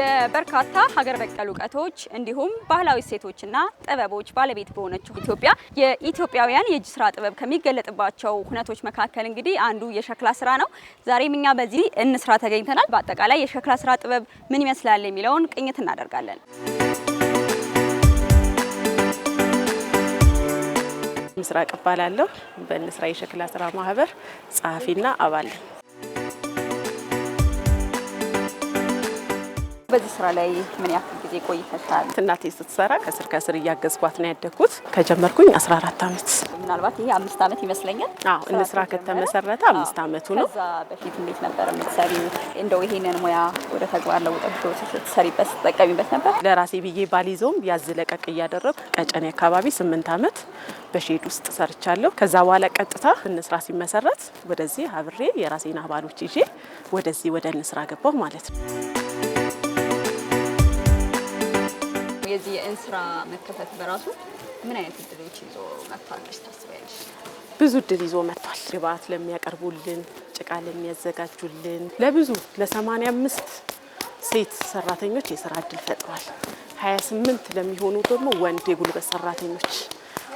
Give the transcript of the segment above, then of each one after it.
የበርካታ ሀገር በቀል እውቀቶች እንዲሁም ባህላዊ እሴቶችና ጥበቦች ባለቤት በሆነችው ኢትዮጵያ የኢትዮጵያውያን የእጅ ስራ ጥበብ ከሚገለጥባቸው ሁነቶች መካከል እንግዲህ አንዱ የሸክላ ስራ ነው። ዛሬም እኛ በዚህ እንስራ ተገኝተናል። በአጠቃላይ የሸክላ ስራ ጥበብ ምን ይመስላል የሚለውን ቅኝት እናደርጋለን። ምስራቅ እባላለሁ። በእንስራ የሸክላ ስራ ማህበር ጸሐፊና አባል ነኝ። በዚህ ስራ ላይ ምን ያክል ጊዜ ቆይተሻል? እናቴ ስትሰራ ከስር ከስር እያገዝኳት ነው ያደግኩት። ከጀመርኩኝ 14 ዓመት ምናልባት ይሄ አምስት ዓመት ይመስለኛል። አዎ ስራ ከተመሰረተ አምስት ዓመቱ ነው። ከዛ በፊት እንዴት ነበር የምትሰሪ? እንደው ይሄንን ሙያ ወደ ተግባር ለውጠሽ ስትሰሪበት ስትጠቀሚበት ነበር? ለራሴ ብዬ ባሊዞም ያዝ ለቀቅ እያደረኩ ቀጨኔ አካባቢ ስምንት ዓመት በሼድ ውስጥ ሰርቻለሁ። ከዛ በኋላ ቀጥታ እንስራ ሲመሰረት ወደዚህ አብሬ የራሴን አባሎች ይዤ ወደዚህ ወደ እንስራ ገባሁ ማለት ነው። የዚህ የእንስራ መከፈት በራሱ ምን አይነት እድሎች ይዞ መጥታለች ታስቢያለሽ? ብዙ እድል ይዞ መጥቷል። ግብአት ለሚያቀርቡልን፣ ጭቃ ለሚያዘጋጁልን፣ ለብዙ ለሰማንያ አምስት ሴት ሰራተኞች የስራ እድል ፈጥሯል። 28 ለሚሆኑ ደግሞ ወንድ የጉልበት ሰራተኞች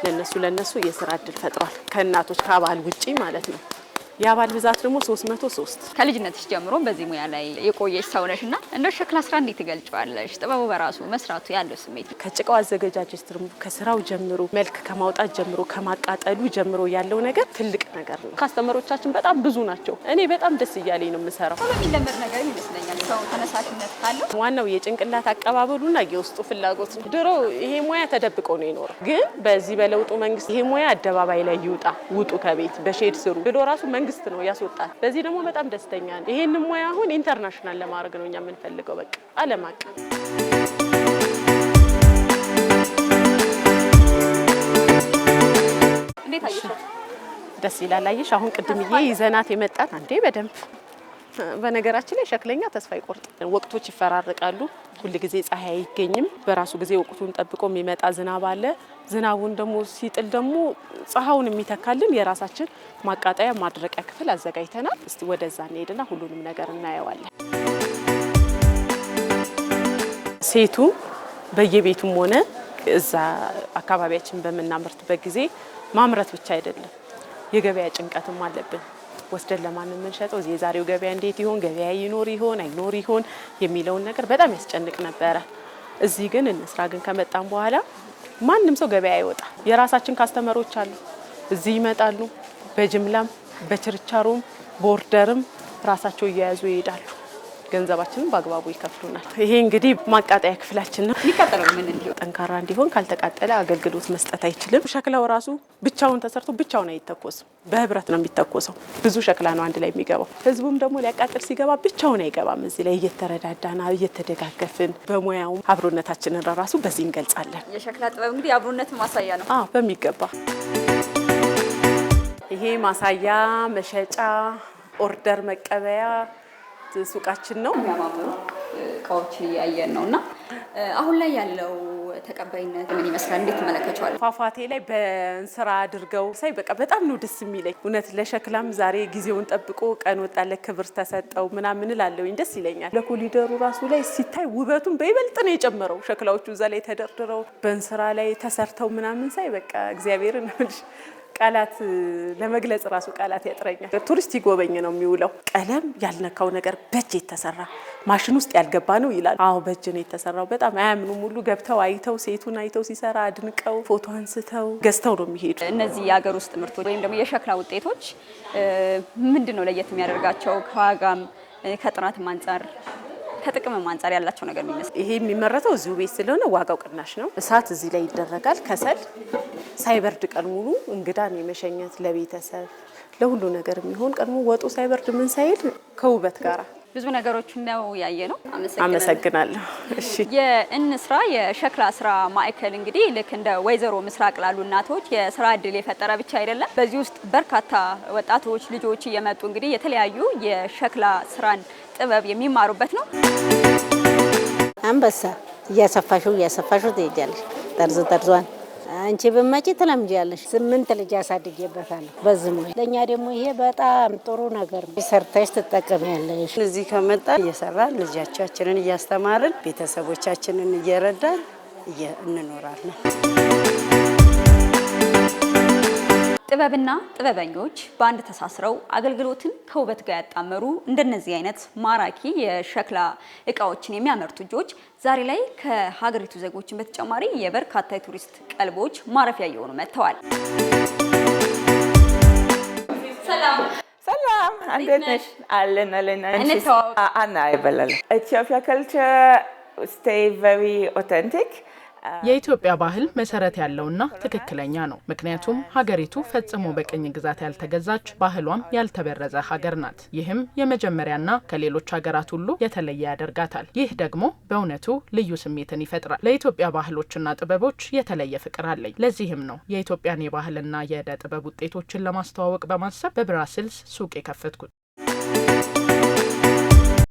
ለነሱ ለነሱ የስራ እድል ፈጥሯል። ከእናቶች ከአባል ውጪ ማለት ነው። የአባል ብዛት ደግሞ 303። ከልጅነትሽ ጀምሮ በዚህ ሙያ ላይ የቆየች ሰው ነሽ እና እንደ ሸክላ ስራ እንዴት ትገልጫዋለሽ? ጥበቡ በራሱ መስራቱ ያለው ስሜት ከጭቃው አዘገጃጀት ደግሞ ከስራው ጀምሮ መልክ ከማውጣት ጀምሮ ከማቃጠሉ ጀምሮ ያለው ነገር ትልቅ ነገር ነው። ካስተመሮቻችን በጣም ብዙ ናቸው። እኔ በጣም ደስ እያለኝ ነው የምሰራው። የሚለመድ ነገር ይመስለኛል ሰው ተነሳሽነት ካለው። ዋናው የጭንቅላት አቀባበሉና የውስጡ ፍላጎት ነው። ድሮ ይሄ ሙያ ተደብቆ ነው የኖረው፣ ግን በዚህ በለውጡ መንግስት ይሄ ሙያ አደባባይ ላይ ይውጣ፣ ውጡ ከቤት በሼድ ስሩ ብሎ ራሱ መንግስት ነው ያስወጣል። በዚህ ደግሞ በጣም ደስተኛ ነን። ይሄን ሙያ አሁን ኢንተርናሽናል ለማድረግ ነው እኛ የምንፈልገው። በቃ አለም አቀፍ ደስ ይላል። አየሽ አሁን ቅድምዬ ይዘናት የመጣት አንዴ በደንብ በነገራችን ላይ ሸክለኛ ተስፋ ይቆርጥ። ወቅቶች ይፈራርቃሉ። ሁል ጊዜ ፀሐይ አይገኝም። በራሱ ጊዜ ወቅቱን ጠብቆ የሚመጣ ዝናብ አለ። ዝናቡን ደግሞ ሲጥል ደግሞ ፀሐዩን የሚተካልን የራሳችን ማቃጠያ ማድረቂያ ክፍል አዘጋጅተናል። እስቲ ወደዛ እንሄድና ሁሉንም ነገር እናየዋለን። ሴቱ በየቤቱም ሆነ እዛ አካባቢያችን በምናመርትበት ጊዜ ማምረት ብቻ አይደለም፣ የገበያ ጭንቀትም አለብን። ወስደን ለማን የምንሸጠው፣ የዛሬው ገበያ እንዴት ይሆን፣ ገበያ ይኖር ይሆን አይኖር ይሆን የሚለውን ነገር በጣም ያስጨንቅ ነበረ። እዚህ ግን እንስራ ግን ከመጣን በኋላ ማንም ሰው ገበያ አይወጣ። የራሳችን ካስተመሮች አሉ፣ እዚህ ይመጣሉ። በጅምላም በችርቻሮም ቦርደርም ራሳቸው እያያዙ ይሄዳሉ። ገንዘባችንን በአግባቡ ይከፍሉናል። ይሄ እንግዲህ ማቃጠያ ክፍላችን ነው። የሚቃጠለው ምን ጠንካራ እንዲሆን ካልተቃጠለ አገልግሎት መስጠት አይችልም። ሸክላው ራሱ ብቻውን ተሰርቶ ብቻውን አይተኮስም፣ በህብረት ነው የሚተኮሰው። ብዙ ሸክላ ነው አንድ ላይ የሚገባው። ህዝቡም ደግሞ ሊያቃጥል ሲገባ ብቻውን አይገባም። እዚህ ላይ እየተረዳዳና እየተደጋገፍን በሙያው አብሮነታችንን ራሱ በዚህ እንገልጻለን። የሸክላ ጥበብ እንግዲህ አብሮነት ማሳያ ነው በሚገባ ይሄ ማሳያ መሸጫ ኦርደር መቀበያ ሱቃችን ነው። የሚያማምሩ እቃዎችን እያየን ነው እና አሁን ላይ ያለው ተቀባይነት ምን ይመስላል? እንዴት ትመለከቸዋል? ፏፏቴ ላይ በእንስራ አድርገው ሳይ በቃ በጣም ነው ደስ የሚለኝ። እውነት ለሸክላም ዛሬ ጊዜውን ጠብቆ ቀን ወጣለ ክብር ተሰጠው ምናምን እላለሁኝ። ደስ ይለኛል። ለኮሊደሩ ራሱ ላይ ሲታይ ውበቱን በይበልጥ ነው የጨመረው። ሸክላዎቹ እዛ ላይ ተደርድረው በእንስራ ላይ ተሰርተው ምናምን ሳይ በቃ እግዚአብሔርን ቃላት ለመግለጽ ራሱ ቃላት ያጥረኛል። ቱሪስት ይጎበኝ ነው የሚውለው። ቀለም ያልነካው ነገር በእጅ የተሰራ ማሽን ውስጥ ያልገባ ነው ይላል። አዎ በእጅ ነው የተሰራው። በጣም አያምኑም። ሁሉ ገብተው አይተው ሴቱን አይተው ሲሰራ አድንቀው ፎቶ አንስተው ገዝተው ነው የሚሄዱ። እነዚህ የሀገር ውስጥ ምርቶች ወይም ደግሞ የሸክላ ውጤቶች ምንድን ነው ለየት የሚያደርጋቸው ከዋጋም ከጥራትም አንጻር ከጥቅም አንጻር ያላቸው ነገር የሚመስል ይሄ የሚመረተው እዚሁ ቤት ስለሆነ ዋጋው ቅናሽ ነው። እሳት እዚህ ላይ ይደረጋል። ከሰል ሳይበርድ ቀን ሙሉ እንግዳን የመሸኘት ለቤተሰብ ለሁሉ ነገር የሚሆን ቀድሞ ወጡ ሳይበርድ ምን ሳይል ከውበት ጋራ ብዙ ነገሮች ነው ያየ ነው። አመሰግናለሁ። የእንስራ የሸክላ ስራ ማዕከል እንግዲህ ልክ እንደ ወይዘሮ ምስራቅ ላሉ እናቶች የስራ እድል የፈጠረ ብቻ አይደለም። በዚህ ውስጥ በርካታ ወጣቶች ልጆች እየመጡ እንግዲህ የተለያዩ የሸክላ ስራን ጥበብ የሚማሩበት ነው። አንበሳ እያሰፋሹ እያሰፋሹ ትሄጃለሽ ጠርዝ ጠርዟን አንቺ ብመጪ ትለምጃለሽ። ስምንት ልጅ አሳድጌበታለሁ። በዝም ለእኛ ደግሞ ይሄ በጣም ጥሩ ነገር ነው። ሰርተሽ ትጠቀሚያለሽ። እዚህ ከመጣ እየሰራን ልጆቻችንን እያስተማርን ቤተሰቦቻችንን እየረዳን እንኖራለን። ጥበብና ጥበበኞች በአንድ ተሳስረው አገልግሎትን ከውበት ጋር ያጣመሩ እንደነዚህ አይነት ማራኪ የሸክላ እቃዎችን የሚያመርቱ እጆች ዛሬ ላይ ከሀገሪቱ ዜጎችን በተጨማሪ የበርካታ የቱሪስት ቀልቦች ማረፊያ እየሆኑ መጥተዋል። ሰላም፣ እንዴት ነሽ? አለን አለን። አና ይበላል ኢትዮጵያ ካልቸር ስቴይ ቨሪ ኦተንቲክ የኢትዮጵያ ባህል መሰረት ያለውና ትክክለኛ ነው። ምክንያቱም ሀገሪቱ ፈጽሞ በቅኝ ግዛት ያልተገዛች ባህሏም ያልተበረዘ ሀገር ናት። ይህም የመጀመሪያና ከሌሎች ሀገራት ሁሉ የተለየ ያደርጋታል። ይህ ደግሞ በእውነቱ ልዩ ስሜትን ይፈጥራል። ለኢትዮጵያ ባህሎችና ጥበቦች የተለየ ፍቅር አለኝ። ለዚህም ነው የኢትዮጵያን የባህልና የእደ ጥበብ ውጤቶችን ለማስተዋወቅ በማሰብ በብራስልስ ሱቅ የከፈትኩት።